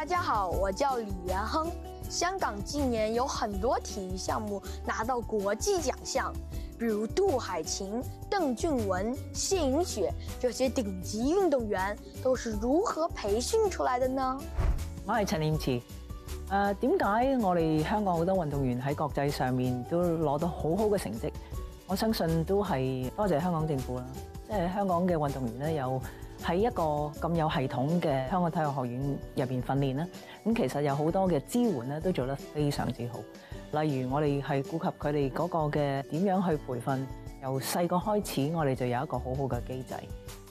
大家好，我叫李元亨。香港近年有很多體育項目拿到國際獎項，比如杜海琴、鄧俊文、謝穎雪這些頂級運動員都是如何培訓出來的呢？我係陳念慈。呃，點解我哋香港好多運動員喺國際上面都攞到好好嘅成績？我相信都係多謝香港政府啦，即係香港嘅運動員咧有，喺一個咁有系統嘅香港體育學院入邊訓練啦，咁其實有好多嘅支援咧都做得非常之好。例如我哋係顧及佢哋嗰個嘅點樣去培訓，由細個開始，我哋就有一個好好嘅機制。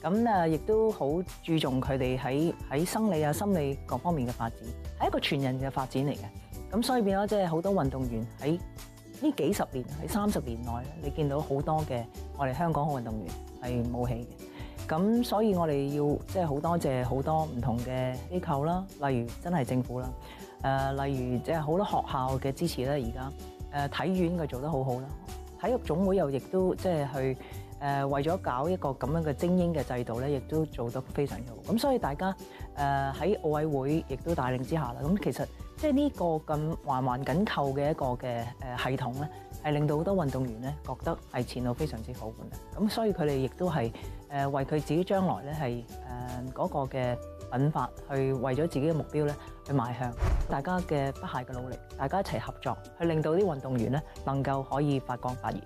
咁誒亦都好注重佢哋喺喺生理啊、心理各方面嘅發展，係一個全人嘅發展嚟嘅。咁所以變咗即係好多運動員喺呢幾十年、喺三十年內，你見到好多嘅我哋香港好運動員係冒起嘅。咁所以我哋要即係好多謝好多唔同嘅機構啦，例如真係政府啦，誒、呃，例如即係好多學校嘅支持啦。而家誒體院佢做得好好啦，體育總會又亦都即係、就是、去。誒為咗搞一個咁樣嘅精英嘅制度咧，亦都做得非常好。咁所以大家誒喺奧委會亦都帶領之下啦。咁其實即係呢個咁環環緊扣嘅一個嘅誒系統咧，係令到好多運動員咧覺得係前路非常之好嘅。咁所以佢哋亦都係誒、呃、為佢自己將來咧係誒嗰個嘅品發去為咗自己嘅目標咧去邁向大家嘅不懈嘅努力，大家一齊合作去令到啲運動員咧能夠可以發光發熱。